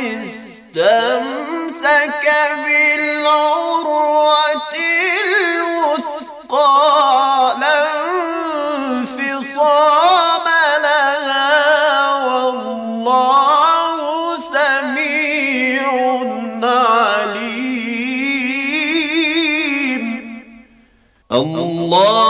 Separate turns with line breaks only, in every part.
استمسك بالعروة الوثقى لا انفصام لها والله سميع عليم الله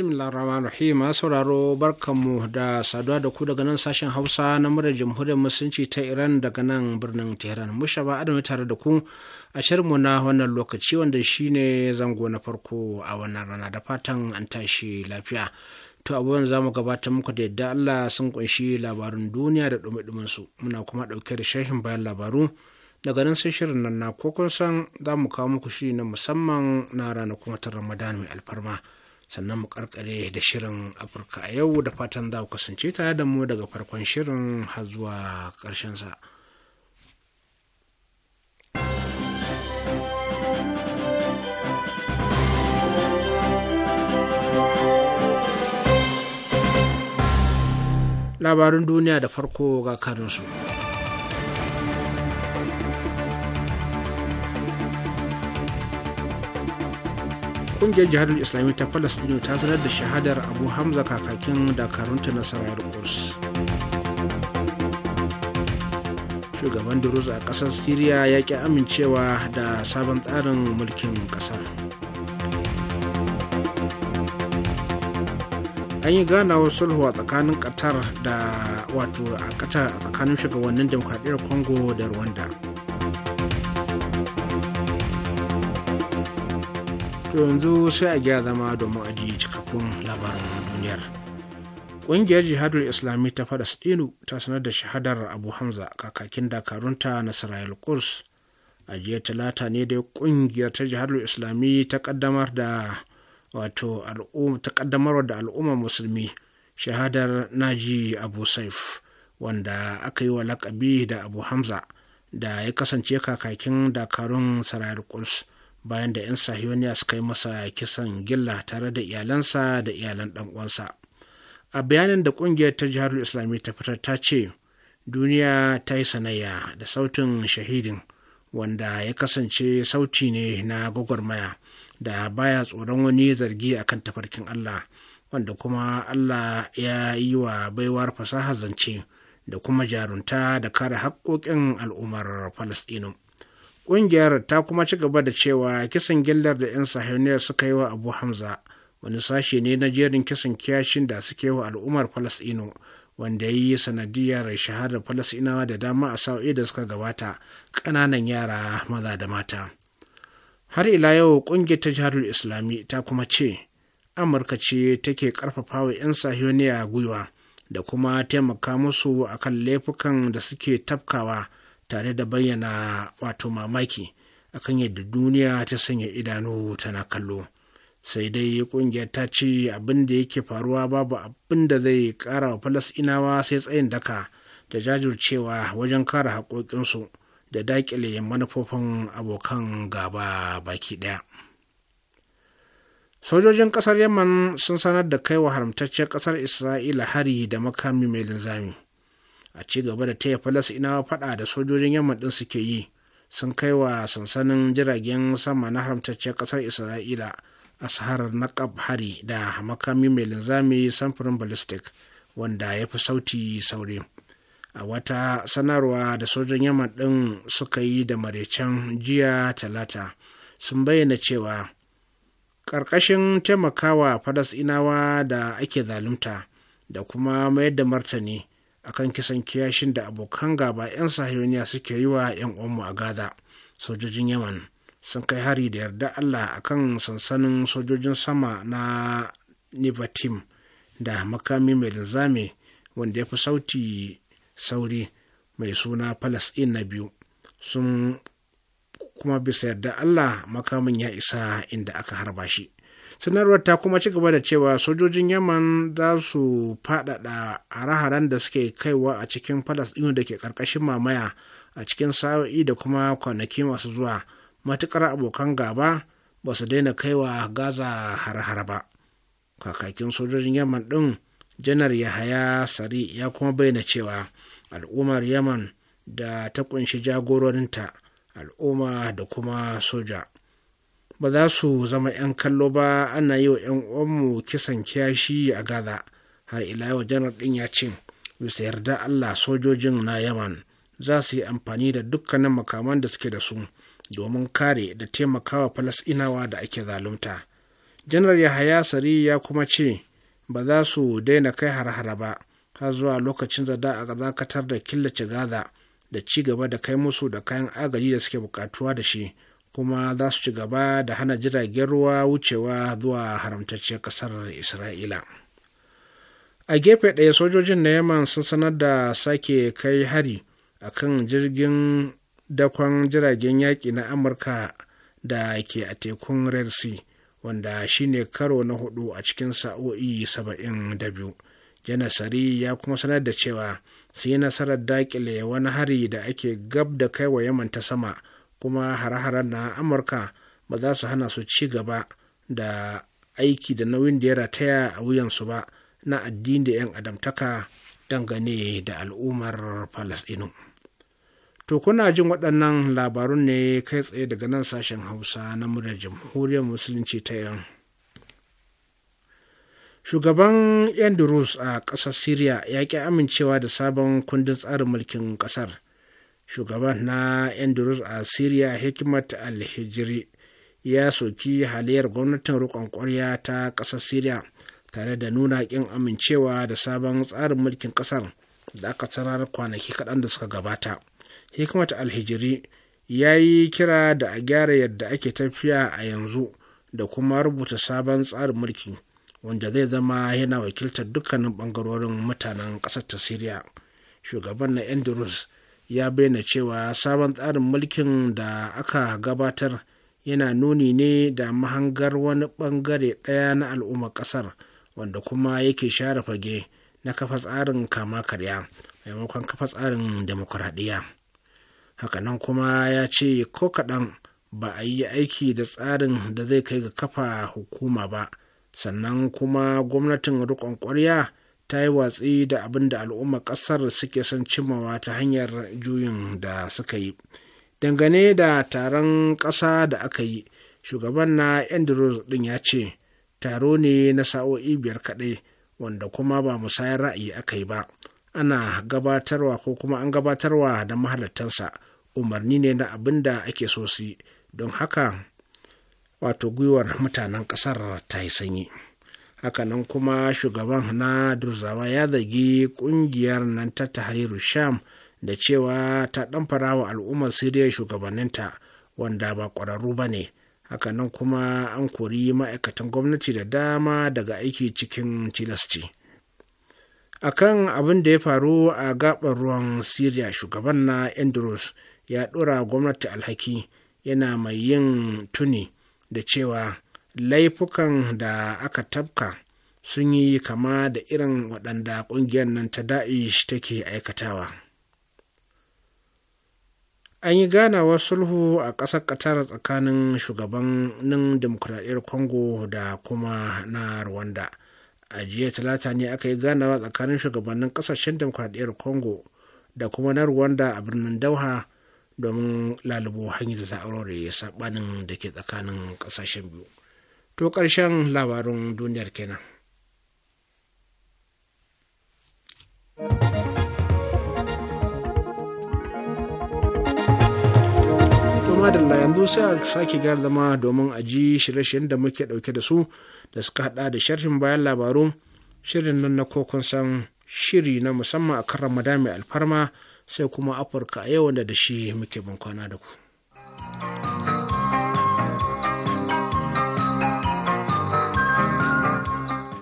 rahman rahim sauraro barkanmu da saduwa da ku daga nan sashen hausa na murar jamhuriyar musulunci ta iran daga nan birnin tehran ba adamu tare da ku a shirinmu na wannan lokaci wanda shine zango na farko a wannan rana da fatan an tashi lafiya to abubuwan za mu gabata muku da yadda allah sun kunshi labarin duniya da dumi su muna kuma ɗauke da shahin bayan labaru daga nan sai shirin nan na kokon san za mu kawo muku shi na musamman na ranakun watan ramadan mai alfarma sannan mu karkare da shirin afirka a yau da fatan za ku kasance tare da mu daga farkon shirin har zuwa ƙarshen sa. labarin duniya da farko ga karinsu. kungiyar jihadar islami ta palestino ta sanar da shahadar abu hamza kakakin dakarunta na sarayar kurs shugaban durus a kasar syria ya ki amincewa da sabon tsarin mulkin kasar an yi ganawar sulhu a tsakanin qatar da wato a a tsakanin shugabannin demokradiyyar congo da rwanda to yanzu sai a gyara zama domin ajiye cikakkun labarin duniyar ƙungiyar jihadul islami ta falasɗinu ta sanar da shahadar abu hamza kakakin dakarunta na sarayil kurs a jiya talata ne dai ƙungiyar ta jihadul islami ta kaddamar da wato ta ƙaddamar da al'ummar musulmi shahadar naji abu saif wanda aka yi wa lakabi da abu hamza da ya kasance kakakin dakarun sarayil kurs bayan da 'yan sahiyoniya suka yi masa kisan gilla tare da iyalansa da iyalan ɗan uwansa a bayanin da ƙungiyar ta jihar islami ta fitar ta ce duniya ta yi sanayya da sautin shahidin wanda ya kasance sauti ne na gwagwarmaya da baya tsoron wani zargi akan tafarkin allah wanda kuma allah ya yi wa baiwar fasaha zance da kuma jarunta da kare haƙƙoƙin al'ummar falasɗinu Ƙungiyar ta kuma ci gaba da cewa kisan gillar da 'yan sahauniyar suka yi wa Abu Hamza wani sashe ne na jerin kisan kiyashin da suke wa al'ummar Falasɗinu wanda ya yi sanadiyar shahadar Falasɗinawa da dama a sa'o'i da suka gabata ƙananan yara maza da mata. Har ila yau ƙungiyar ta jihar Islami ta kuma ce Amurka ce take ƙarfafa wa 'yan sahiyoniya gwiwa da kuma taimaka musu akan laifukan da suke tafkawa. tare da bayyana wato mamaki akan yadda duniya ta sanya idanu tana kallo sai dai kungiyar ta ce abin da yake faruwa babu abin da zai kara wa falasinawa sai tsayin daka da jajircewa wajen kare haƙoƙinsu da daƙile manufofin abokan gaba baki ɗaya sojojin ƙasar yaman sun sanar da kaiwa wa haramtacciyar ƙasar isra'ila hari da makami mai linzami a ci gaba da taya falasɗinawa faɗa da sojojin yamma ɗin suke yi sun kai wa sansanin jiragen sama na haramtacciyar ƙasar isra'ila a saharar naƙab hari da makami mai linzami samfurin ballistic wanda ya fi sauti sauri a wata sanarwa da sojan yamma ɗin suka yi da maraicen jiya talata sun bayyana cewa ƙarƙashin taimakawa falasɗinawa da ake zalunta da kuma mayar da martani akan kisan kiyashin da abokan gaba 'yan sahiyoniya suke yi wa 'yan uwanmu a gaza sojojin yaman sun kai hari da yarda allah akan sansanin sojojin sama na nivatim da makami mai linzami wanda ya fi sauti sauri mai suna falasɗin na biyu sun kuma bisa yarda allah makamin ya isa inda aka harba shi sanarwar ta kuma ci gaba da cewa sojojin yaman za su fadada hare-haren da suke kaiwa a cikin falasɗinu da ke ƙarƙashin mamaya a cikin sa'o'i da kuma kwanaki masu zuwa matuƙar abokan gaba ba su daina kaiwa gaza har-har ba kakakin sojojin yaman ɗin janar yahaya sari ya kuma bayyana cewa al'ummar yaman da ta kunshi jagororinta al'umma da kuma soja ba za su zama 'yan kallo ba ana yi wa 'yan uwanmu kisan kiyashi a gaza har ila yau janar din ya ce bisa yarda allah sojojin na yaman za su yi amfani da dukkanin makaman da suke da su domin kare da taimakawa falasinawa da ake zalunta janar yahaya sari ya kuma ce ba za su daina kai har-hara ba har zuwa lokacin zada a dakatar da killace gaza da ci gaba da kai musu da kayan agaji da suke bukatuwa da shi kuma za su ci gaba da hana jiragen ruwa wucewa zuwa haramtacciyar ƙasar isra'ila a gefe ɗaya sojojin na yaman sun sanar da sake kai hari a kan jirgin dakon jiragen yaƙi na amurka da ke a tekun red wanda shine karo na hudu a cikin sa'o'i saba'in da biyu janasari ya kuma sanar da cewa sai nasarar daƙile wani hari da ake gab da kaiwa wa yaman ta sama kuma hare-haren na amurka ba za su hana su ci gaba da aiki da nauyin da ya rataya a wuyansu ba na addini da 'yan adamtaka dangane da al'ummar falasɗinu to kuna jin waɗannan labarun ne kai tsaye daga nan sashen hausa na muryar jamhuriyar musulunci ta iran shugaban yan a ƙasar syria ya ƙi amincewa da sabon kundin tsarin mulkin ƙasar shugaban na andalus a syria hikmat alhijiri ya soki haliyar gwamnatin rikon kwarya ta ƙasar syria tare da nuna ƙin amincewa da sabon tsarin mulkin ƙasar da aka sanar kwanaki kaɗan da suka gabata hikmat alhijiri ya yi kira da a gyara yadda ake tafiya a yanzu da kuma rubuta sabon tsarin mulki wanda zai zama yana wakiltar dukkanin bangarorin mutanen ƙasar ta syria shugaban na andalus ya bayyana cewa sabon tsarin mulkin da aka gabatar yana nuni ne da mahangar wani bangare ɗaya na al'ummar ƙasar wanda kuma yake share fage na kafa tsarin kama karya maimakon kafa tsarin demokuraɗiyya hakanan kuma ya ce ko kaɗan ba a yi aiki da tsarin da zai kai ga kafa hukuma ba sannan kuma gwamnatin riƙon ƙwarya ta yi watsi da abin da al'umma ƙasar suke son cimawa ta hanyar juyin da suka yi dangane da taron ƙasa da aka yi shugaban na andrews din ya ce taro ne na sa'o'i biyar kaɗai wanda kuma ba musayar ra'ayi aka yi ba ana gabatarwa ko kuma an gabatarwa da mahalattansa umarni ne na abin da ake so su don haka wato gwiwar mutanen ƙasar ta yi sanyi. hakanan kuma shugaban na durzawa ya zagi kungiyar nan ta tahriru sham da cewa ta ɗamfara wa al'ummar siriya shugabanninta wanda ba ƙwararru ba ne hakanan kuma an kori ma'aikatan gwamnati da dama daga aiki cikin tilasci A kan abin da ya faru a gaɓar ruwan siriya shugaban na andrews ya ɗora gwamnati alhaki yana mai yin tuni da cewa laifukan da aka tabka sun yi kama da irin waɗanda ƙungiyar nan ta da'ish take aikatawa an yi ganawar sulhu a ƙasar ƙatar tsakanin shugabannin demokuraɗiyar congo da kuma na rwanda a jiya talata ne aka yi ganawa tsakanin shugabannin ƙasashen demokuraɗiyar congo da kuma na rwanda a birnin dauha domin lalubo hanyar da ta saɓanin da ke tsakanin ƙasashen biyu to ƙarshen labarin duniyar kenan. madalla yanzu sai a sake gyara zama domin a ji shirye-shiryen da muke ɗauke da su da suka hada da sharhin bayan labaru shirin nan na kokon san shiri na musamman a kan ramadan mai alfarma sai kuma afirka a yau da da shi muke bankwana da ku.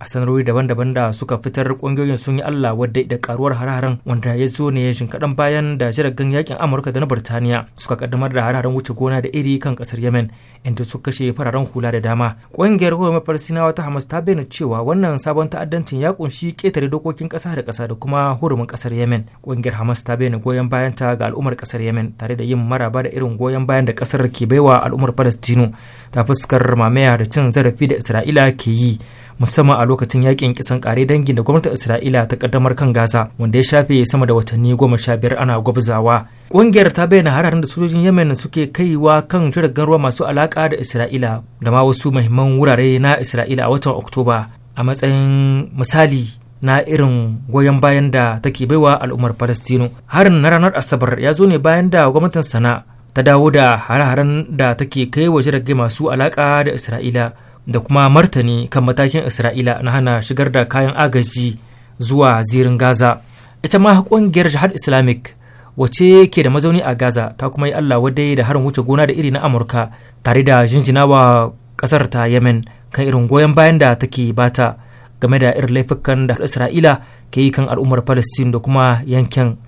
a sanarwar daban-daban da suka fitar kungiyoyin sun yi allah wadda da karuwar hare wanda ya zo ne jin kaɗan bayan da jiragen yakin amurka da na birtaniya suka kaddamar da hare wuce gona da iri kan kasar yemen inda suka kashe fararen hula da dama ƙungiyar hukumar farsinawa ta hamas ta bayyana cewa wannan sabon ta'addancin ya ƙunshi ƙetare dokokin ƙasa da ƙasa da kuma hurumin ƙasar yemen ƙungiyar hamas ta bayyana goyon bayan ta ga al'ummar ƙasar yemen tare da yin maraba da irin goyon bayan da ƙasar ke baiwa al'ummar palestino ta fuskar mamaya da cin zarafi da isra'ila ke yi musamman a lokacin yakin kisan kare dangin da gwamnatin Isra'ila ta kaddamar kan Gaza wanda ya shafe sama da watanni goma sha biyar ana gwabzawa. Ƙungiyar ta bayyana hararin da sojojin Yemen suke kaiwa kan jiragen ruwa masu alaka da Isra'ila da ma wasu muhimman wurare na Isra'ila a watan Oktoba a matsayin misali na irin goyon bayan da take baiwa al'ummar Falastinu. Harin na ranar Asabar ya zo ne bayan da gwamnatin sana ta dawo da hare-haren da take kai wa jirage masu alaka da Isra'ila da kuma martani kan matakin isra'ila na hana shigar da kayan agaji zuwa zirin gaza ita ma ƙungiyar jihar islamic wace ke da mazauni a gaza ta kuma yi allah wadai da harin wuce gona da iri na amurka tare da jinjina wa ƙasar ta yemen kan irin goyon bayan da take bata game da irin laifukan da isra'ila ke yi kan al'ummar palestine da kuma yankin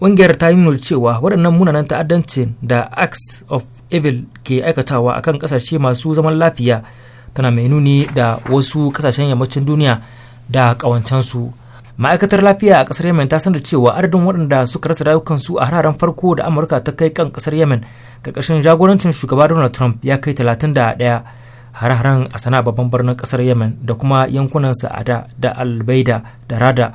ƙungiyar ta yi nuna cewa waɗannan munanan ta'addancin da acts of evil ke aikatawa akan ƙasashe masu zaman lafiya tana mai nuni da wasu ƙasashen yammacin duniya da ƙawancensu ma'aikatar lafiya a ƙasar yemen ta sanar cewa adadin waɗanda suka rasa rayukansu a hararen farko da amurka ta kai kan ƙasar yemen ƙarƙashin jagorancin shugaba donald trump ya kai talatin da ɗaya har-haren a sana babban birnin ƙasar yemen da kuma yankunan sa'ada da albaida da rada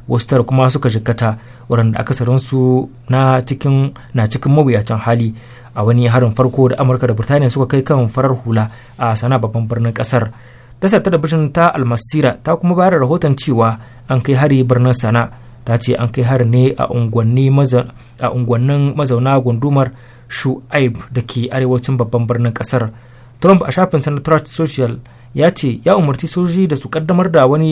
wasu tara kuma suka jikata waɗanda akasarinsu na cikin na cikin mawuyacin hali a wani harin farko da amurka da birtaniya suka kai kan farar hula a sana babban birnin kasar tasar talabijin ta almasira ta kuma bayar da rahoton cewa an kai hari birnin sana ta ce an kai hari ne a unguwannin mazauna gundumar shu'aib da ke arewacin babban birnin ƙasar trump a shafin na social ya ce ya umarci soji da su kaddamar da wani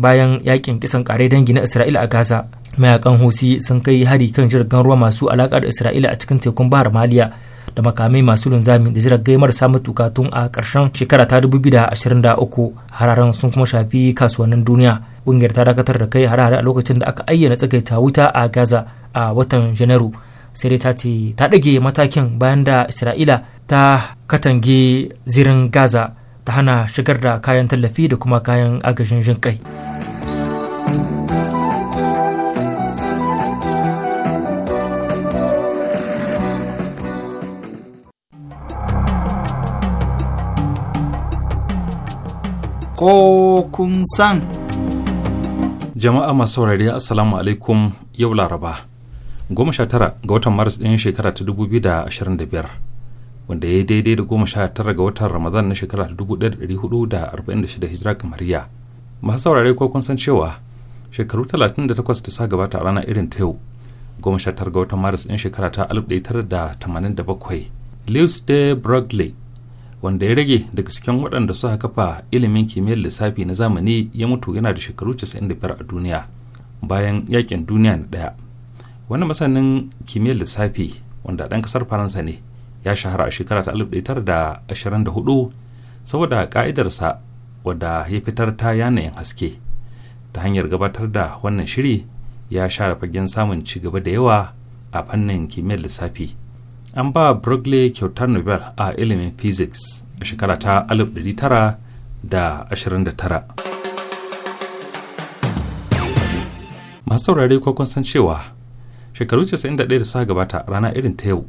bayan yakin kisan kare dangi na isra'ila a gaza mayakan husi sun kai hari kan jirgin ruwa masu alaka da isra'ila a cikin tekun bahar maliya da makamai masu linzami da jiragai marasa matuka tun a ƙarshen shekara ta 2023 hararen sun kuma shafi kasuwannin duniya ƙungiyar ta dakatar da kai harare a lokacin da aka ayyana tsagaita wuta a gaza a watan janairu sai dai ta ce ta ɗage matakin bayan da isra'ila ta katange zirin gaza ta hana shigar da kayan tallafi da kuma kayan agajin jin kai.
Ko kun san. Jama'a masu saurari Assalamu alaikum yau Laraba, goma sha tara ga watan Maris ɗin shekara ta dubu da ashirin da biyar. wanda ya yi daidai da goma sha tara ga watan ramadan na shekara ta dubu ɗaya da ɗari hudu da arba'in da shida hijira kamariya masu saurare ko kun san cewa shekaru talatin da takwas da sa gabata a rana irin ta yau goma sha tara ga watan maris ɗin shekara ta alif ɗaya tara da tamanin da bakwai lewis de brogley wanda ya rage daga cikin waɗanda suka kafa ilimin kimiyyar lissafi na zamani ya mutu yana da shekaru casa'in da biyar a duniya bayan yakin duniya na ɗaya wani masanin kimiyyar lissafi wanda ɗan ƙasar faransa ne ya shahara a shekara ta 1924 saboda ka'idarsa wadda ya fitar ta yanayin haske ta hanyar gabatar da wannan shiri ya share fagen samun ci gaba da yawa a fannin kimiyyar lissafi an ba brogley kyautar Nobel a ilimin physics a shekara ta 1929 masu saurari kwakwan san cewa shekaru 91 da suka gabata rana irin ta yau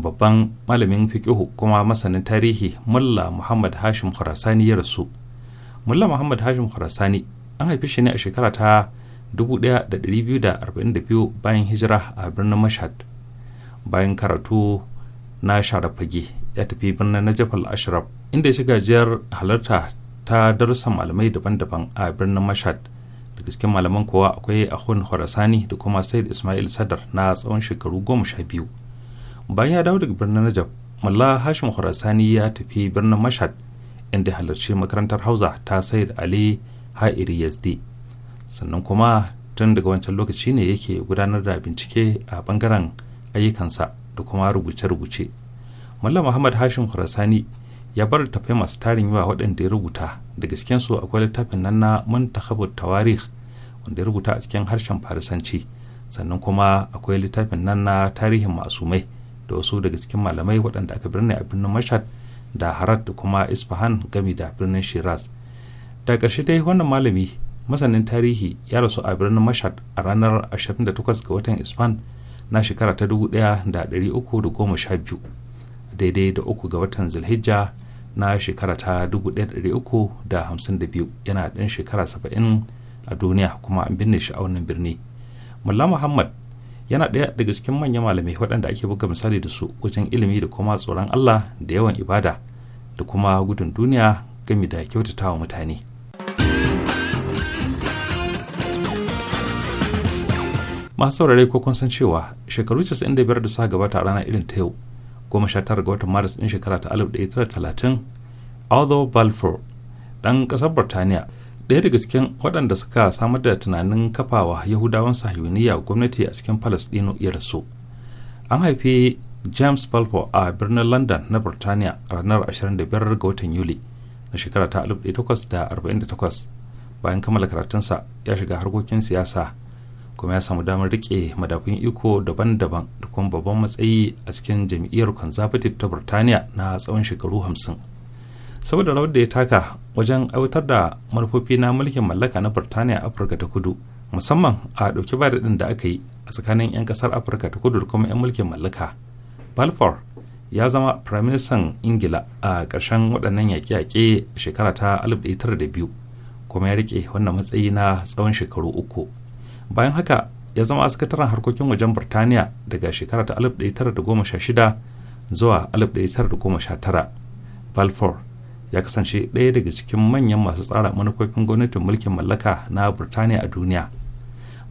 babban malamin fiqihu kuma masanin tarihi mulla muhammad hashim khurasani ya rasu mulla muhammad hashim khurasani an haifi shi ne a shekara ta 1242 bayan hijira a birnin mashhad bayan karatu na sharafage ya tafi birnin najaf al-ashraf inda ya shiga jiyar halarta ta darussan malamai daban-daban a birnin mashhad da cikin malaman kowa akwai ahun khurasani da kuma said ismail sadar na tsawon shekaru goma sha biyu bayan ya dawo daga birnin najab malla hashim khurasani ya tafi birnin mashhad inda halarci makarantar hausa ta sayar ali ha'iri yazdi sannan kuma tun daga wancan lokaci ne yake gudanar da bincike a bangaren ayyukansa da kuma rubuce-rubuce malla muhammad hashim khurasani ya bar tafai masu tarin yawa waɗanda ya rubuta daga cikinsu akwai littafin nan na mantakhabut tawarikh wanda ya rubuta a cikin harshen farisanci sannan kuma akwai littafin nan na tarihin masumai da wasu daga cikin malamai waɗanda aka birne a birnin mashhad da harat da kuma isfahan gami da birnin shiraz da ƙarshe dai wannan malami masanin tarihi ya rasu a birnin mashhad a ranar 28 ga watan isfan na shekara ta 1312 daidai da uku ga watan zulhijja na shekara ta 1352 yana ɗan shekara 70 a duniya kuma an binne shi a wannan birni mulla muhammad yana ɗaya daga cikin manyan malamai waɗanda ake buga misali da su wajen ilimi da kuma tsoron Allah da yawan ibada da kuma gudun duniya gami da kyautatawa mutane. masu saurare ko kun san cewa shekaru 95 da suka gabata a ranar irin ta yau goma sha tara ga watan maris din shekara ta 1930 Aldo Balfour ɗan kasar Birtaniya ɗaya daga cikin waɗanda suka samar da tunanin kafawa yahudawan sahiyoniya gwamnati a cikin palestino irinsu an haifi james balfour a birnin london na birtaniya ranar 25 ga watan yuli na shekara ta 1848 bayan kammala karatunsa ya shiga harkokin siyasa kuma ya samu damar rike madafun iko daban-daban da kuma babban matsayi a cikin jam'iyyar conservative ta birtaniya na tsawon shekaru 50 saboda rawar da ya taka wajen aiwatar da manufofi na mulkin mallaka na burtaniya afirka ta kudu musamman a ɗauki ba da aka yi a tsakanin 'yan ƙasar afirka ta kudu da kuma 'yan mulkin mallaka balfour ya zama firaministan ingila a ƙarshen waɗannan yaƙe-yaƙe shekara ta 1902 kuma ya riƙe wannan matsayi na tsawon shekaru uku bayan haka ya zama sakataren harkokin wajen birtaniya daga shekara ta 1916 zuwa 1919 balfour ya kasance ɗaya daga cikin manyan masu tsara manufofin gwamnatin mulkin mallaka na burtaniya a duniya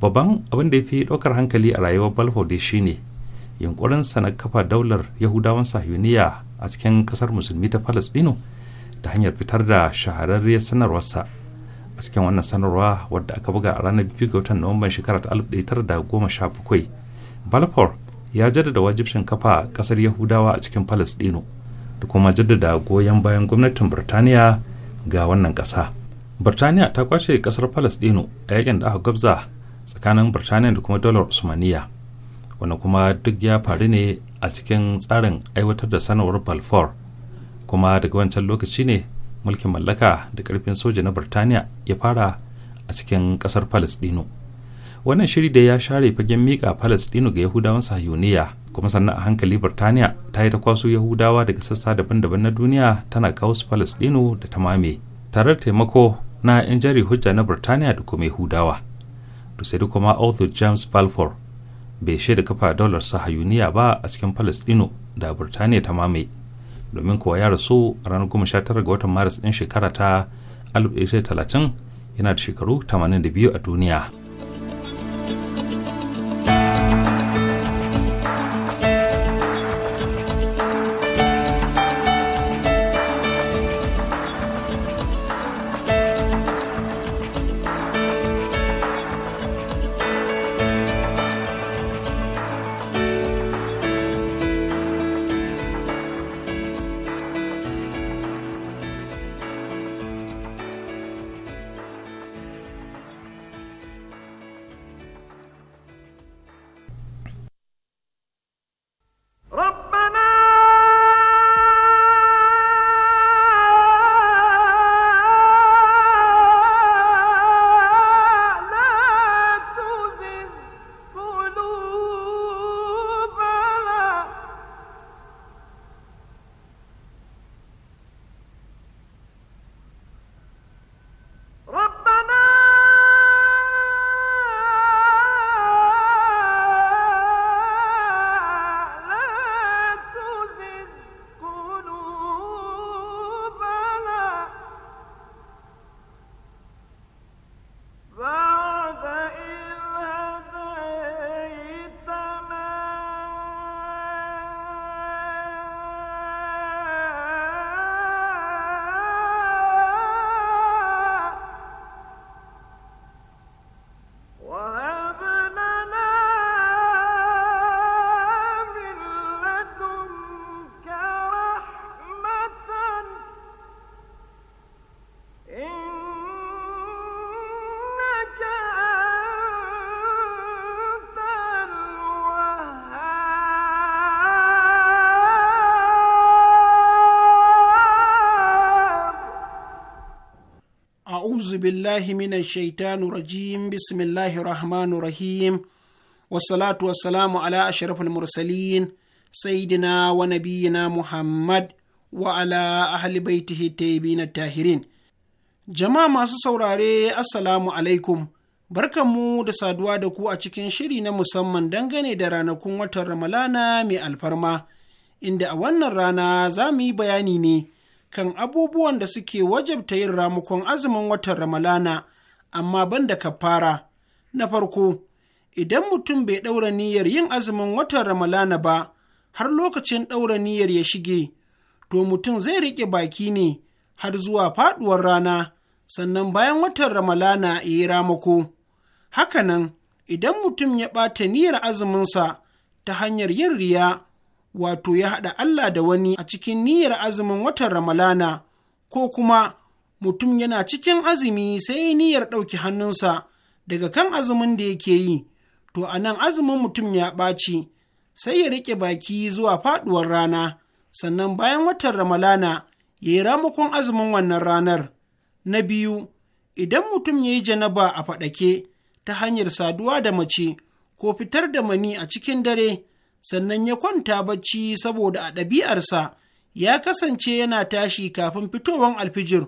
babban abin da ya fi ɗaukar hankali a rayuwar shi shine yunkurinsa na kafa daular yahudawan sahiyuniya a cikin ƙasar musulmi ta palestino da hanyar fitar da shahararriyar sanarwarsa a cikin wannan sanarwa wadda aka buga a ranar biyu ga watan nuwamban shekarar 1917 balfour ya jaddada wajibcin kafa ƙasar yahudawa a cikin palestino da kuma jaddada goyon bayan gwamnatin birtaniya ga wannan ƙasa birtaniya ta kwashe ƙasar falasɗinu a yakin da aka gabza tsakanin birtaniya da kuma dalar usmaniya wanda kuma duk ya faru ne a cikin tsarin aiwatar da sanarwar balfour kuma daga wancan lokaci ne mulkin mallaka da karfin soja na birtaniya ya fara a cikin ƙasar falasɗinu wannan shiri da ya share fagen mika falasɗinu ga yahudawan sahiyoniya kuma sannan a hankali birtaniya ta yi ta kwaso yahudawa daga sassa daban-daban na duniya tana kawo su palestino da ta mame tare da taimako na 'yan jari hujja na birtaniya da kuma yahudawa to sai kuma arthur james balfour bai shaida kafa daular sahayuniya ba a cikin palestino da birtaniya ta mame domin kuwa ya rasu a ranar 19 ga watan maris ɗin shekara ta 1930 yana da shekaru 82 a duniya.
a'udhu billahi minash shaitani rajim bismillahir rahmanir rahim wassalatu wassalamu ala ashrafil mursalin saidina wa nabiyyina muhammad wa ala ahli baitihi tayyibin tahirin jama'a masu saurare assalamu alaikum barkanmu da saduwa da ku a cikin shiri na musamman dangane da ranakun watan ramalana mai alfarma inda a wannan rana za mu yi bayani ne kan abubuwan da suke wajabta yin ramukon azumin watan Ramalana, amma banda da kafara. Na farko, idan mutum bai ɗaura niyyar yin azumin watan Ramalana ba, har lokacin ɗaura niyyar ya shige, to mutum zai riƙe baki ne har zuwa faɗuwar rana, sannan bayan watan Ramalana ya yi ramako. Hakanan, idan mutum ya ɓata niyyar azuminsa ta hanyar yin riya wato ya haɗa Allah da wani a cikin niyyar azumin watan Ramalana, ko kuma mutum yana cikin azumi sai niyyar ɗauki hannunsa daga kan azumin da yake yi, to a nan azumin mutum ya ɓaci, sai ya riƙe baki zuwa faɗuwar rana, sannan bayan watan Ramalana ya yi ramakon azumin wannan ranar. Na biyu, idan mutum ya yi janaba a faɗake ta hanyar saduwa da mace ko fitar da mani a cikin dare, sannan ya kwanta bacci saboda a ɗabi'arsa ya kasance yana tashi kafin fitowar alfijir,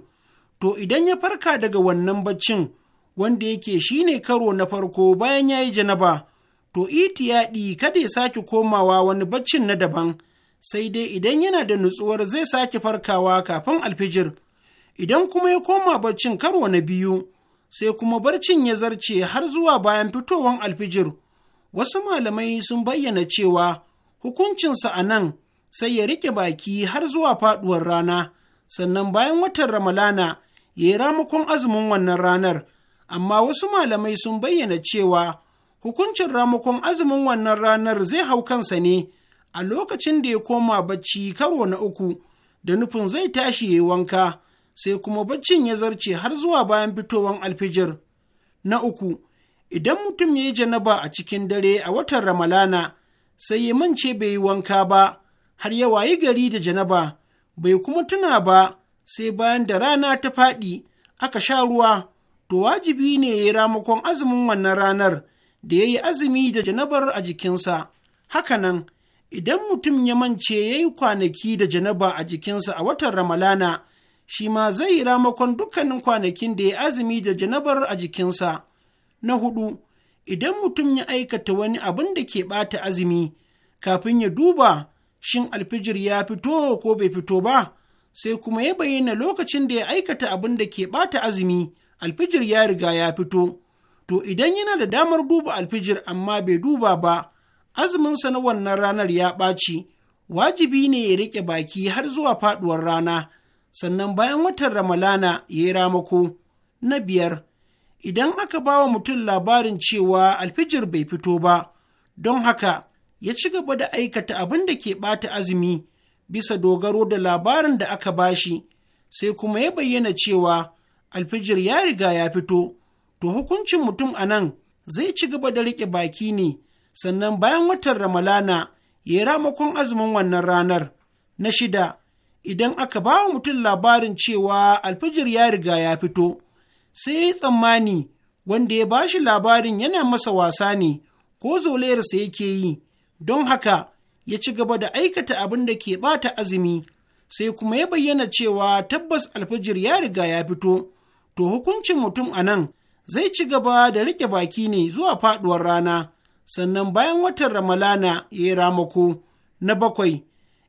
to idan ya farka daga wannan baccin wanda yake ne karo na farko bayan ya yi janaba, to ɗi kada ya sake komawa wani baccin na daban, sai dai idan yana da nutsuwar zai sake farkawa kafin alfijir. Idan kuma ya koma baccin karo na biyu, sai kuma barcin ya zarce har zuwa bayan fitowar alfijir. wasu malamai sun bayyana cewa hukuncinsa a nan sai ya rike baki har zuwa faɗuwar rana, sannan bayan watan Ramalana ya yi ramakon azumin wannan ranar, amma wasu malamai sun bayyana cewa hukuncin ramakon azumin wannan ranar zai hau kansa ne a lokacin da ya koma bacci karo na uku, da nufin zai tashi ya yi wanka, sai kuma baccin ya zarce har zuwa bayan fitowar alfijir. Na uku, Idan mutum ya yi janaba a cikin dare a watan Ramalana, sai ya mance bai yi wanka ba, har ya wayi gari da janaba, bai kuma tuna ba, sai bayan da rana ta faɗi aka sha ruwa, to wajibi ne ya yi ramakon azumin wannan ranar da ya yi azumi da janabar a jikinsa. Hakanan, idan mutum ya mance ya yi kwanaki da janaba a jikinsa a watan Ramalana, shi ma zai yi ramakon dukkanin kwanakin da ya azumi da janabar a jikinsa. Na hudu, idan mutum ya aikata wani abin da ke ɓata azumi kafin ya duba shin alfijir ya fito ko bai fito ba, sai kuma ya bayyana lokacin da ya aikata abin da ke ɓata azumi alfijir ya riga ya fito. To idan yana da damar duba alfijir amma bai duba ba, azuminsa na wannan ranar ya ɓaci, wajibi ne ya riƙe baki har zuwa faɗuwar rana, sannan bayan watan Ramalana ya yi ramako. Na biyar, idan aka ba wa mutum labarin cewa alfijir bai fito ba, don haka ya ci gaba da aikata abin da ke ɓata azumi bisa dogaro da labarin da aka bashi, sai kuma ya bayyana cewa alfijir ya riga ya fito, to hukuncin mutum a nan zai ci gaba da riƙe baki ne, sannan bayan watan Ramalana ya yi ramakon azumin wannan ranar. Na shida, idan aka ba wa mutum labarin cewa alfijir ya riga ya fito, sai ya tsammani wanda ya bashi labarin yana masa wasa ne ko zolayarsa yake yi, don haka ya ci gaba da aikata abin da ke bata azumi, sai kuma ya bayyana cewa tabbas alfijir ya riga ya fito, to hukuncin mutum a nan zai ci gaba da riƙe baki ne zuwa faɗuwar rana, sannan bayan watan Ramalana ya yi ramako. Na bakwai,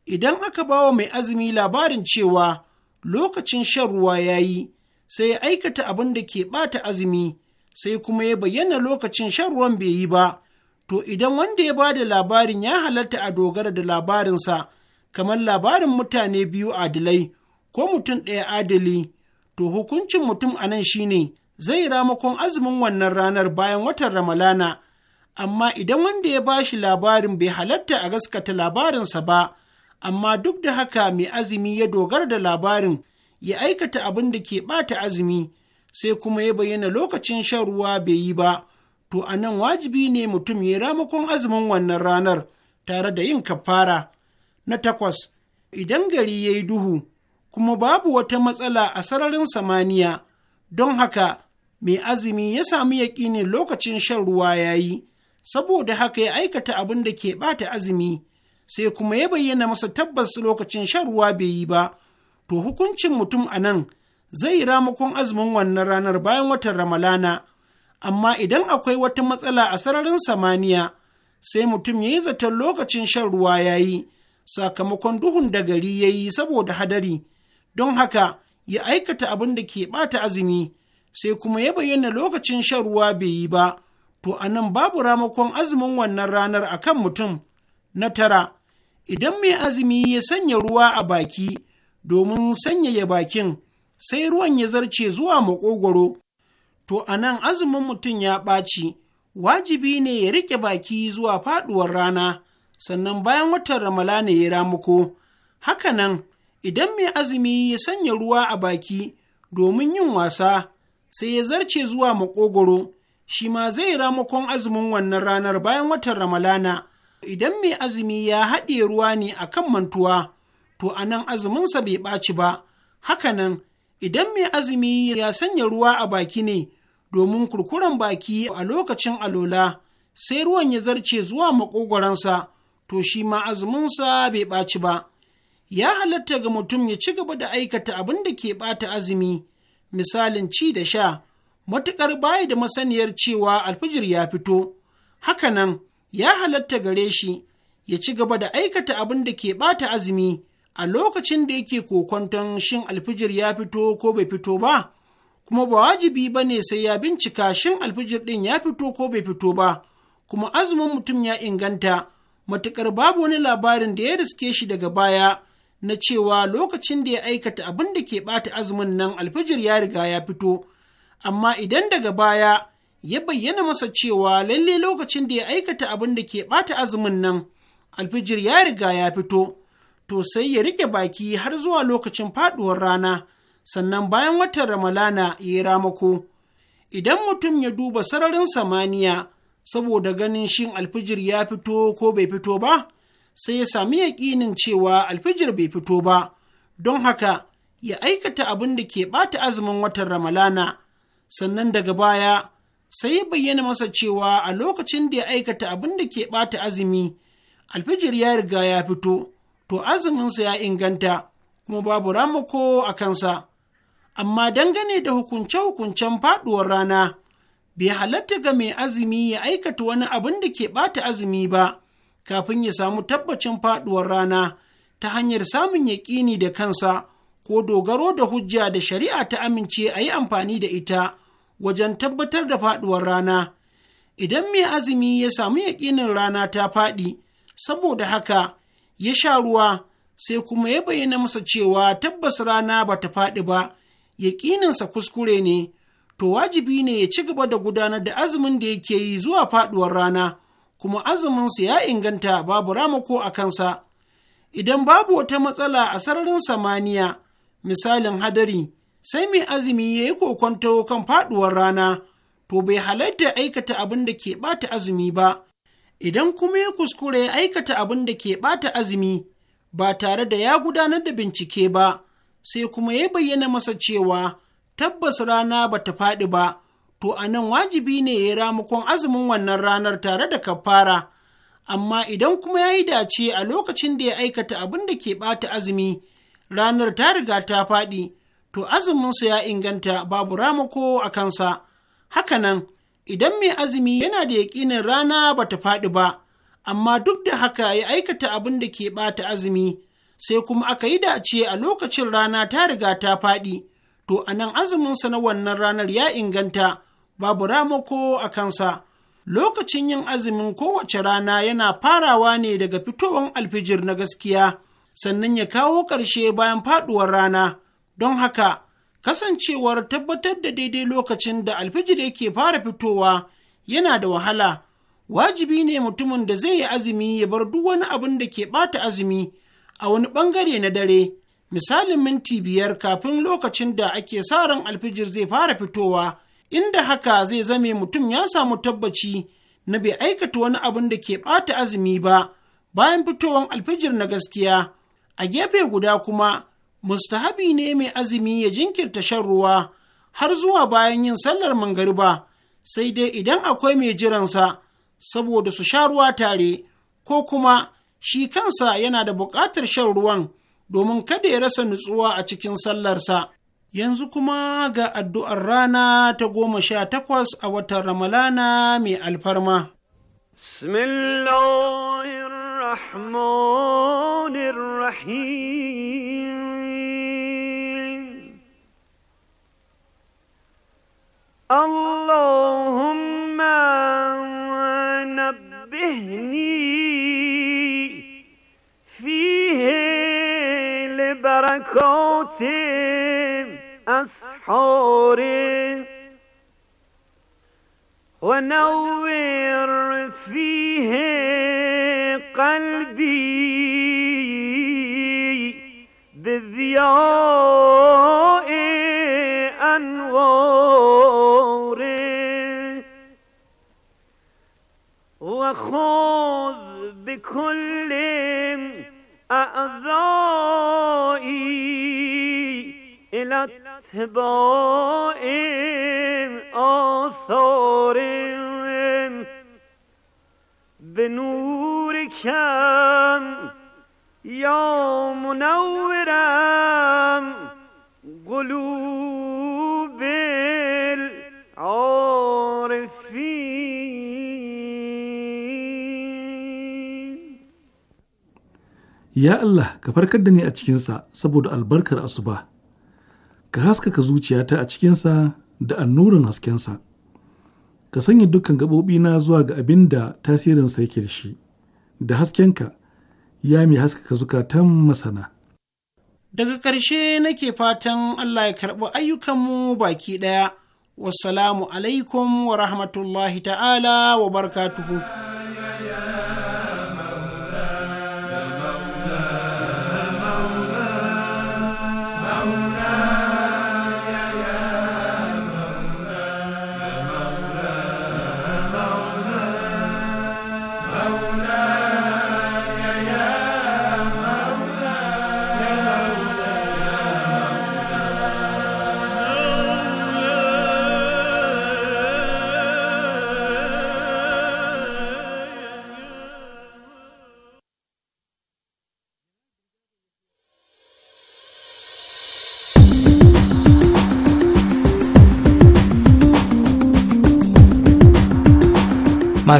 idan aka bawa mai azumi labarin cewa lokacin shan ruwa ya yi, sai ya aikata abin da ke ɓata azumi sai kuma ya bayyana lokacin shan ruwan bai yi ba to idan wanda ya ba da labarin ya halatta a dogara da labarinsa kamar labarin mutane biyu adilai ko mutum ɗaya adali to hukuncin mutum a nan shine zai ramakon azumin wannan ranar bayan watan ramalana amma idan wanda ya ba shi labarin bai halatta a gaskata labarinsa ba amma duk da haka mai azumi ya dogara da labarin ya aikata abin da ke ɓata azumi sai kuma ya bayyana lokacin shan ruwa bai yi ba to a nan wajibi ne mutum ya ramakon azumin wannan ranar tare da yin kafara na takwas idan gari ya yi duhu kuma babu wata matsala a sararin samaniya don haka mai azumi ya sami yaƙinin lokacin shan ruwa ya yi saboda haka ya aikata abin da ke ɓata azumi sai kuma ya bayyana masa tabbas lokacin shan ruwa bai yi ba to hukuncin mutum a nan zai yi ramakon azumin wannan ranar bayan watan Ramalana, amma idan akwai wata matsala a sararin samaniya, sai mutum ya yi zaton lokacin shan ruwa ya yi, sakamakon duhun da gari ya yi saboda hadari, don haka ya aikata abin da ke bata azumi, sai kuma ya bayyana lokacin shan ruwa bai yi ba, to a nan babu ramakon azumin wannan ranar a kan mutum. Na tara, idan mai azumi ya sanya ruwa a baki, domin sanyaya bakin sai ruwan ya zarce zuwa maƙogwaro, to a nan azumin mutum ya ɓaci wajibi ne ya riƙe baki zuwa faɗuwar rana sannan bayan watan ramala ne ya ramuko hakanan idan mai azumi ya sanya ruwa a baki domin yin wasa sai ya zarce zuwa makogoro shi ma zai ramukon azumin wannan ranar bayan watan ramalana idan mai azumi ya haɗe ruwa ne a kan mantuwa to a nan azuminsa bai ɓaci ba, hakanan idan mai azumi ya sanya ruwa a baki ne domin kurkuren baki a lokacin alola, sai ruwan ya zarce zuwa maƙogoransa, to shi ma azuminsa bai ɓaci ba. Ya halatta ga mutum ya ci gaba da aikata abin da ke ɓata azumi, misalin ci da sha, matuƙar bayi da masaniyar cewa alfijir ya fito. Hakanan, ya halatta gare shi ya ci gaba da aikata abin da ke ɓata azumi, a lokacin da yake kokonton shin alfijir ya fito ko bai fito ba kuma ba wajibi ba ne sai ya bincika shin alfijir ɗin ya fito ko bai fito ba kuma azumin mutum ya inganta matuƙar babu wani labarin da ya riske shi daga baya na cewa lokacin da ya aikata abin da ke ɓata azumin nan alfijir ya riga ya fito amma idan daga baya ya bayyana masa cewa lalle lokacin da ya aikata abin da ke ɓata azumin nan alfijir ya riga ya fito to sai ya riƙe baki har zuwa lokacin faɗuwar rana, sannan bayan watan Ramalana ya yi ramako. Idan mutum ya duba sararin samaniya saboda ganin shin alfijir ya fito ko bai fito ba, sai ya sami yaƙinin cewa alfijir bai fito ba, don haka ya aikata abin da ke ɓata azumin watan Ramalana, sannan daga baya sai ya bayyana masa cewa a lokacin da ya aikata abin da ke ɓata azumi, alfijir ya riga ya fito. to azuminsa ya inganta kuma babu ramako a kansa. Amma dangane da hukunce-hukuncen faɗuwar rana, bai halatta ga mai azumi ya aikata wani abin da ke bata azumi ba, kafin ya samu tabbacin faɗuwar rana ta hanyar samun yaƙini da kansa ko dogaro da hujja da shari'a ta amince a yi amfani da ita wajen tabbatar da faɗuwar rana. Idan mai azumi ya samu yaƙinin rana ta faɗi, saboda haka ya sha ruwa sai kuma ya bayyana masa cewa tabbas rana ba ta faɗi ba yaƙininsa kuskure ne to wajibi ne ya ci gaba da gudanar da azumin da yake yi zuwa faɗuwar rana kuma azuminsa ya inganta babu ramako a kansa idan babu wata matsala a sararin samaniya misalin hadari sai mai azumi ya yi kokwanto kan faɗuwar rana to bai halatta aikata abin da ke ɓata azumi ba idan kuma ya kuskure ya aikata abin da ke ɓata azumi ba tare da ya gudanar da bincike ba, sai kuma ya bayyana masa cewa tabbas rana ba ta faɗi ba, to a nan wajibi ne ya ramukon azumin wannan ranar tare da kafara. Amma idan kuma ya yi dace a lokacin da ya aikata abin da ke ɓata azumi, ranar ta riga ta faɗi, to azuminsa ya inganta babu ramako a kansa. Haka nan. idan mai azumi yana da yaƙinin rana ba ta faɗi ba, amma duk da haka ya aikata abin da ke ɓata azumi, sai kuma aka yi dace a lokacin rana ta riga ta faɗi, to a nan azuminsa na wannan ranar ya inganta, babu ramako a kansa. Lokacin yin azumin kowace rana yana farawa ne daga fitowar alfijir na gaskiya, sannan ya kawo ƙarshe bayan faɗuwar rana, don haka kasancewar tabbatar da daidai lokacin da alfijir yake fara fitowa yana da wahala wajibi ne mutumin da zai yi azumi ya bar duk wani abin da ke bata azumi a wani ɓangare na dare misalin minti biyar kafin lokacin da ake sa ran alfijir zai fara fitowa inda haka zai zame mutum ya samu tabbaci na bai aikata wani abin da ke ɓata azumi ba bayan fitowan alfijir na gaskiya a gefe guda kuma mustahabi ne mai azumi ya jinkirta shan ruwa har zuwa bayan yin sallar mangariba sai dai idan akwai mai jiransa saboda su sha ruwa tare ko kuma shi kansa yana da buƙatar shan ruwan domin kada ya rasa nutsuwa a cikin sallarsa. Yanzu kuma ga addu'ar rana ta goma sha takwas a watan Ramalana mai alfarma.
Bismillahirrahmanirrahim. اللهم نبهني فيه لبركات أسحار ونور فيه قلبي بالذيار خذ بكل اعضائي إلى اتباع آثار به نور کم یا منورم قلوب
Ya Allah, ka farkar da ni a cikinsa saboda albarkar asuba, ka haskaka zuciyata a cikinsa da annurin haskensa, ka sanya dukkan na zuwa ga abin da tasirinsa yake da shi, da haskenka ya mai haskaka zukatan masana. Daga ƙarshe nake fatan Allah ya karɓi ayyukanmu baki ɗaya, wassalamu alaikum wa rahmatullahi ta'ala wa barkatuhu.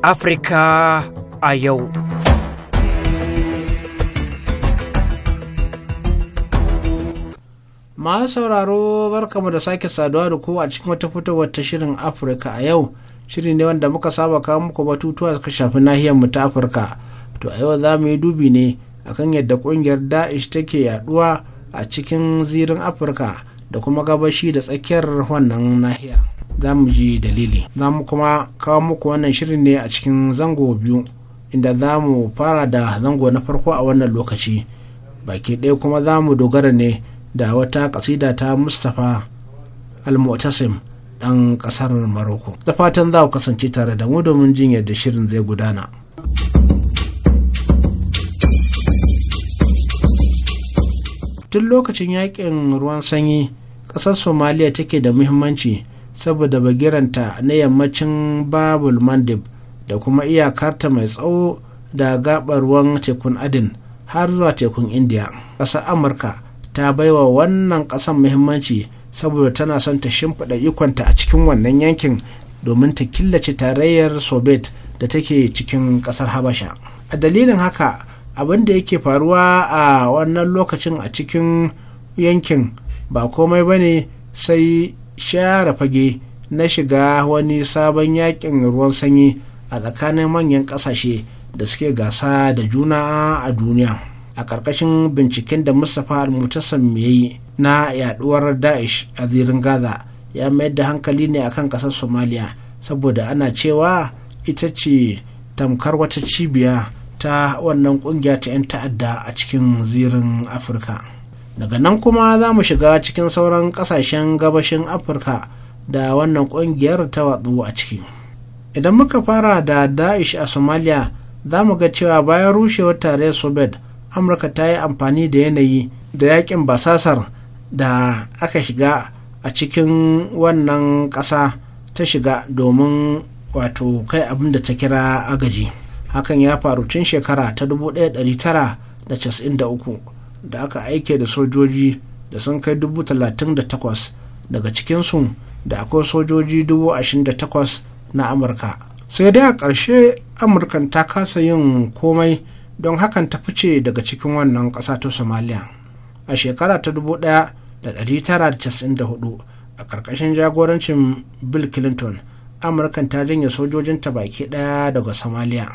Afirka a yau.
Masu sauraro barkamu da sake saduwa da ku a cikin wata fitowar ta shirin Afirka a yau. Shiri ne wanda muka saba kawo muku batutuwa suka shafi nahiyar mu ta Afirka. To a yau za mu yi dubi ne akan yadda kungiyar Da'ish take yaduwa a cikin zirin Afirka da kuma gabashi da tsakiyar wannan nahiya, za mu ji dalili za mu kuma kawo muku wannan shirin ne a cikin zango biyu inda za mu fara da zango na farko a wannan lokaci baki ɗaya kuma za mu dogara ne da wata kasida ta mustapha al-mu'tasim ɗan ƙasar maroko da fatan za ku kasance tare da mu domin jin yadda shirin zai gudana. tun lokacin yaƙin ruwan sanyi ƙasar somaliya take da muhimmanci saboda bagiranta na yammacin babul mandib da kuma iyakarta mai tsawo da gabar ruwan tekun adin har zuwa tekun indiya ƙasar amurka ta baiwa wannan ƙasar muhimmanci saboda tana son ta shimfiɗa ikonta a cikin wannan yankin domin ta killace tarayyar soviet da take cikin ƙasar habasha a dalilin haka abin da yake faruwa a wannan lokacin a cikin yankin ba komai ba ne sai share fage na shiga wani sabon yakin ruwan sanyi a tsakanin manyan ƙasashe da suke gasa da juna a duniya a ƙarƙashin binciken da mustapha al-mutasam ya yi na yaduwar daesh a zirin gaza ya mayar da hankali ne akan ƙasar somaliya saboda ana cewa ita ce tamkar wata cibiya ta wannan ƙungiya ta 'yan ta'adda a cikin zirin afirka daga nan kuma za mu shiga cikin sauran kasashen gabashin afirka da wannan kungiyar ta watsu a ciki idan muka fara da da'ish a somalia za mu ga cewa bayan rushewar tare soviet amurka ta yi amfani da yanayi da yakin basasar da aka shiga a cikin wannan kasa ta shiga domin wato kai abin da ta kira agaji hakan ya faru tun shekara ta 1993 da aka aike da sojoji da sun kai dubu talatin da takwas daga cikinsu da akwai sojoji dubu ashirin da takwas na amurka sai dai a ƙarshe amurkan ta kasa yin komai don hakan ta fice daga cikin wannan ƙasa ta somaliya a shekara ta dubu ɗaya da ɗari tara da casa'in da hudu a ƙarƙashin jagorancin bill clinton amurkan ta janye ta baki ɗaya daga somaliya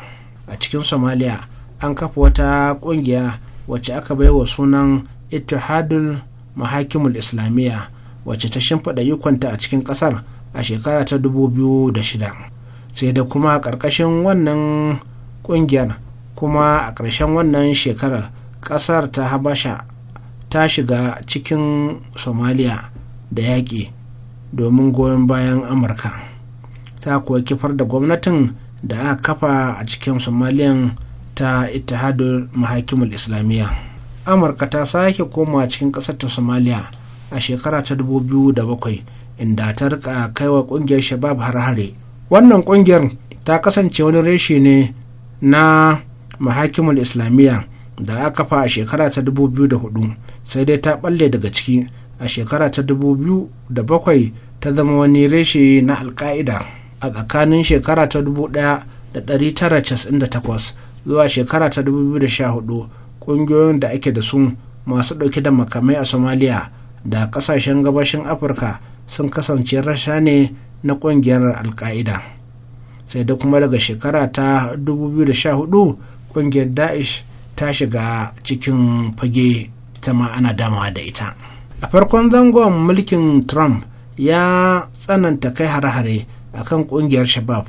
a cikin somaliya an kafa wata ƙungiya wacce aka bai wa sunan ittihadul mahakimul islamiyya wacce ta shimfiɗa yukonta a cikin ƙasar a shekara ta 2006 sai da kuma a ƙarƙashin wannan ƙungiyar kuma a ƙarshen wannan shekarar ƙasar ta habasha ta shiga cikin somaliya da yaƙi domin goyon bayan amurka ta kuwa kifar da gwamnatin da aka kafa a cikin somaliyan ta ittihadul mahakimul islamiyya amurka ta sake koma cikin ƙasar ta somaliya a shekara ta 2007 inda ta rika kaiwa ƙungiyar shabab har-hare wannan ƙungiyar ta kasance wani reshe ne na mahakimul islamiyya da aka fa a shekara ta 2004 sai dai ta balle daga ciki a shekara ta 2007 ta zama wani reshe na alka'ida a tsakanin shekara ta 1998 zuwa shekara ta 2014 ƙungiyoyin da ake da su masu ɗauke da makamai a somaliya da ƙasashen gabashin afirka sun kasance rasha ne na ƙungiyar alka'ida sai da kuma daga shekara ta 2014 ƙungiyar daesh ta shiga cikin fage ta ma'ana dama da ita a farkon zangon mulkin trump ya tsananta kai har hare a kan ƙungiyar shabab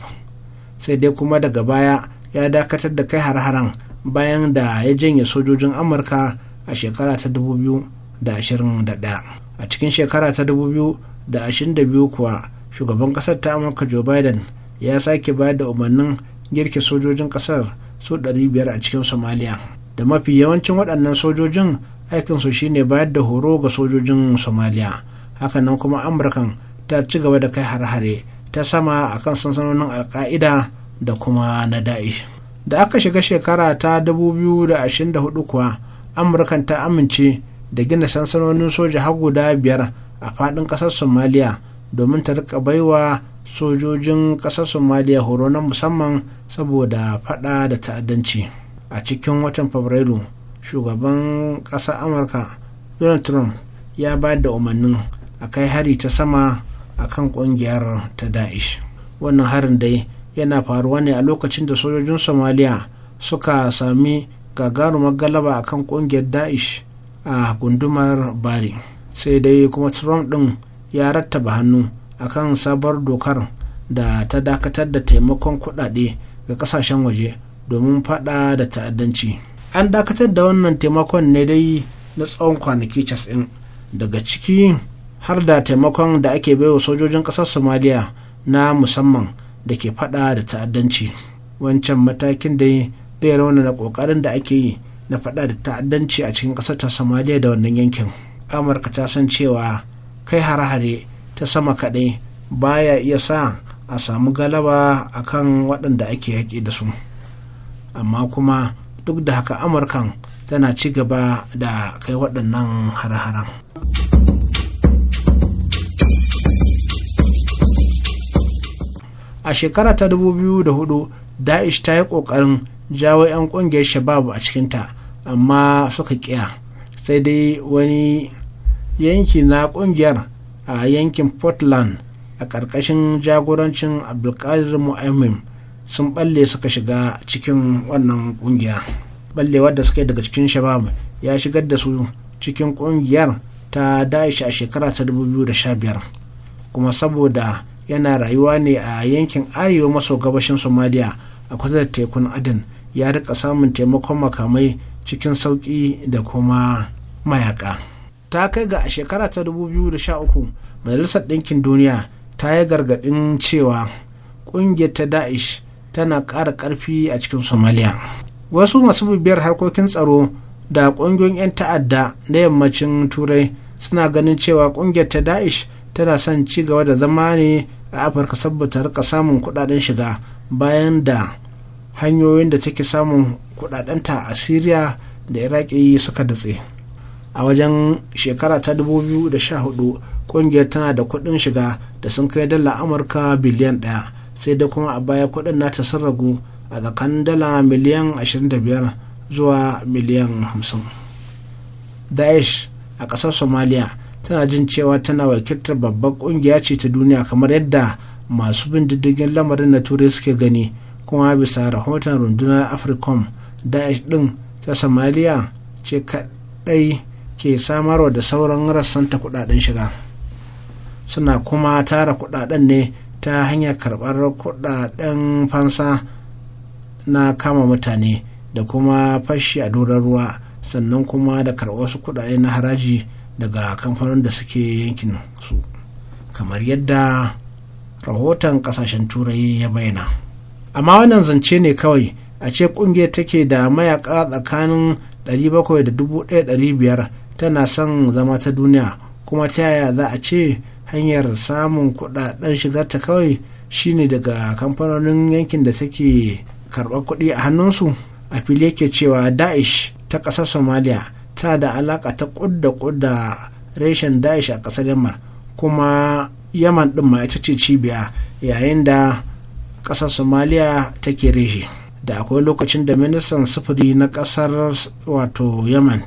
sai dai kuma daga baya ya dakatar da kai har-haren bayan da ya janye sojojin amurka a shekara ta 2021 a cikin shekara ta 2022 kuwa shugaban kasar ta amurka joe biden ya sake bayar da umarnin girke sojojin kasar su 500 a cikin somalia da mafi yawancin waɗannan sojojin aikinsu shine bayar da horo ga sojojin somalia hakanan kuma amurkan ta ci gaba da kai har-hare ta sama a kan sansanonin alka'ida da kuma na da'ish da aka shiga shekara ta 2024 kuwa amurkan ta amince da gina sansanonin soja har guda biyar a faɗin ƙasar somaliya domin ta rika baiwa sojojin ƙasar somaliya horo na musamman saboda faɗa da ta'addanci a cikin watan fabrairu shugaban ƙasar amurka donald trump ya ba da umarnin a kai hari ta sama a kan ƙungiyar ta da'ish wannan harin dai yana faruwa ne a lokacin da sojojin somaliya suka sami gagarumar galaba a kan kungiyar daesh a gundumar bari sai dai kuma trump din ya rattaba hannu akan sabar dokar da ta dakatar da taimakon kuɗaɗe ga kasashen waje domin fada da ta'addanci an dakatar da wannan taimakon ne dai na tsawon kwanaki casa'in daga ciki har da taimakon da ake baiwa sojojin ƙasar somaliya na musamman da ke fada da ta'addanci wancan matakin da zai na kokarin da ake yi na fada da ta'addanci a cikin ƙasar ta somaliya da wannan yankin amurka ta san cewa kai hare-hare ta sama kaɗai baya iya sa a samu galaba a kan waɗanda ake yaƙi da su amma kuma duk da haka amurkan tana ci gaba da kai waɗannan hare-haren. a shekara ta 2004 daesh ta yi kokarin jawo 'yan kungiyar shabab a cikinta amma suka kiya sai dai wani yanki na ƙungiyar a yankin portland a ƙarƙashin jagorancin abdulkadir mu'aimim sun balle suka shiga cikin wannan kungiya ballewar da suka yi daga cikin shabab ya shigar da su cikin kungiyar ta daesh a shekara ta 2015 kuma saboda yana rayuwa ne a yankin arewa maso gabashin Somalia a kusa da tekun adin, ya rika samun taimakon makamai cikin sauki da kuma mayaka ta kai ga a shekara ta 2013 majalisar ɗinkin duniya ta yi gargaɗin cewa ƙungiyar ta da'ish tana ƙara ƙarfi a cikin Somalia. wasu masu bibiyar harkokin tsaro da ƙungiyoyin 'yan ta'adda na yammacin turai suna ganin cewa ƙungiyar ta da'ish tana son ci gaba da zama ne a afirka sabbata rika samun kudaden shiga bayan da hanyoyin da take samun kudadenta a syria da iraki suka datse a wajen shekara ta 2014 kungiyar tana da kudin shiga da sun kai dala amurka biliyan daya sai da kuma a baya kudin nata sun ragu a tsakanin dala miliyan 25 zuwa miliyan 50 daesh a kasar somalia tana jin cewa tana wakiltar babbar kungiya ce ta duniya kamar yadda masu bin diddigin lamarin na turai suke gani kuma bisa rahoton rundunar africom daesh din ta somalia ce kadai ke samarwa da sauran rassanta kudaden shiga suna kuma tara kudaden ne ta hanyar karbar kudaden fansa na kama mutane da kuma fashi a doron ruwa sannan kuma da karbar wasu kudade na haraji daga kamfanin da suke yankin su kamar yadda rahoton kasashen turai ya bayyana amma wannan zance ne kawai a ce kungiyar take da mayaka tsakanin 700,500 tana son zama ta duniya kuma ta yaya za a ce hanyar samun kudaden shigarta kawai shine daga kamfanonin yankin da take karɓar kuɗi a hannunsu a fili yake cewa daesh ta ƙasar somalia ta da alaka ta kudda kudda reshen daesh a kasar yamma kuma yaman din ma ita ce cibiya yayin da kasar somaliya take reshe da akwai lokacin da ministan sufuri na kasar wato yaman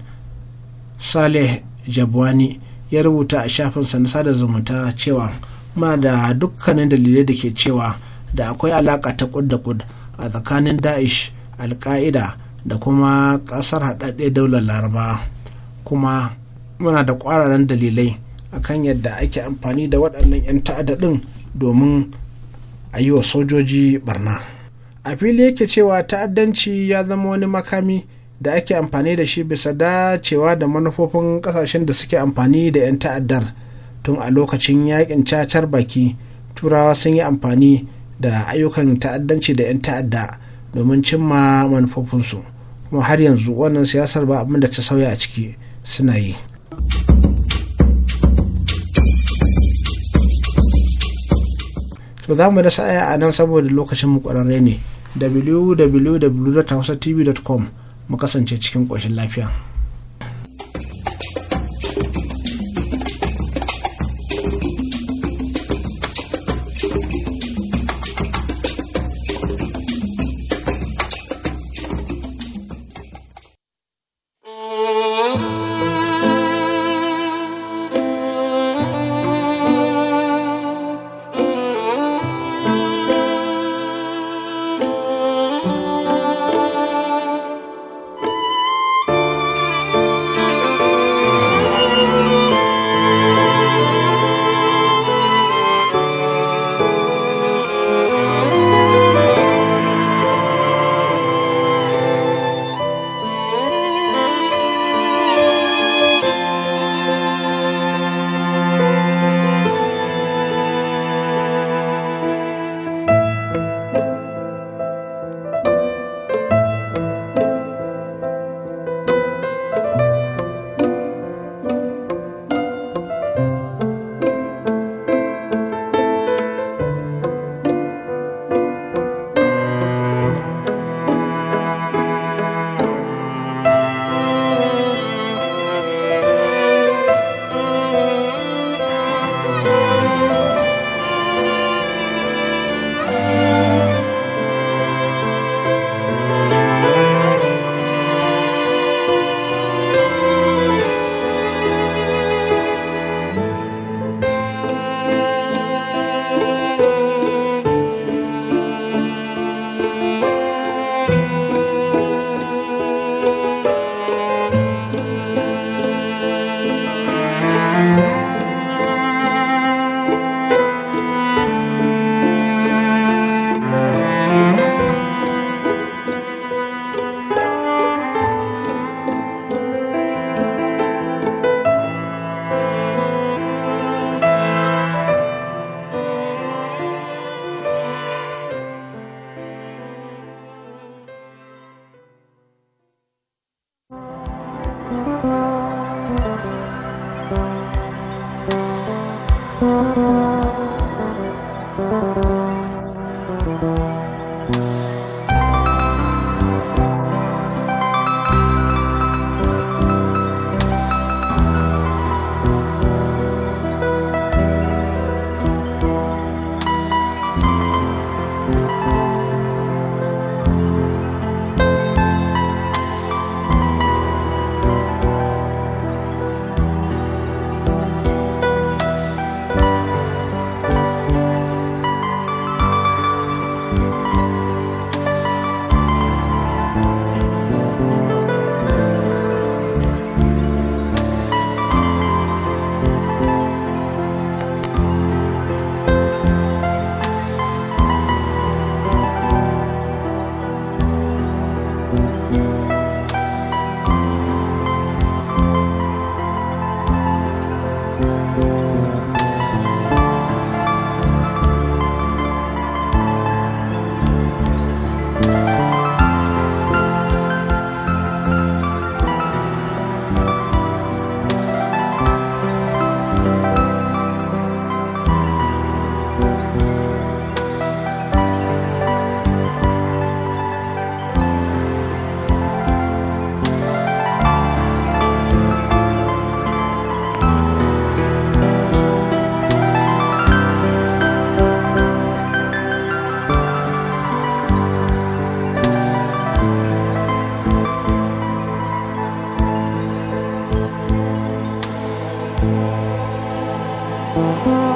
saleh jabwani ya rubuta a shafin sa na sada zumunta cewa ma da dukkanin dalilai da ke cewa da akwai alaka ta kudda kudda a tsakanin daesh alka'ida da kuma ƙasar haɗaɗɗe daular laraba kuma muna da ƙwararren dalilai akan yadda ake amfani da waɗannan 'yan ta'adda domin a yi wa sojoji barna a fili yake cewa ta'addanci ya zama wani makami da ake amfani da shi bisa dacewa da manufofin ƙasashen da suke amfani da 'yan ta'addar tun a lokacin yakin cacar baki turawa sun yi amfani da ayyukan ta'addanci da 'yan ta'adda domin cimma manufofinsu kuma har yanzu wannan siyasar ba abin da ta sauya a ciki suna yi to za mu da sa'a a nan saboda lokacin mu kwararre ne www.hausatv.com mu kasance cikin ƙoshin lafiya.
Mm-hmm.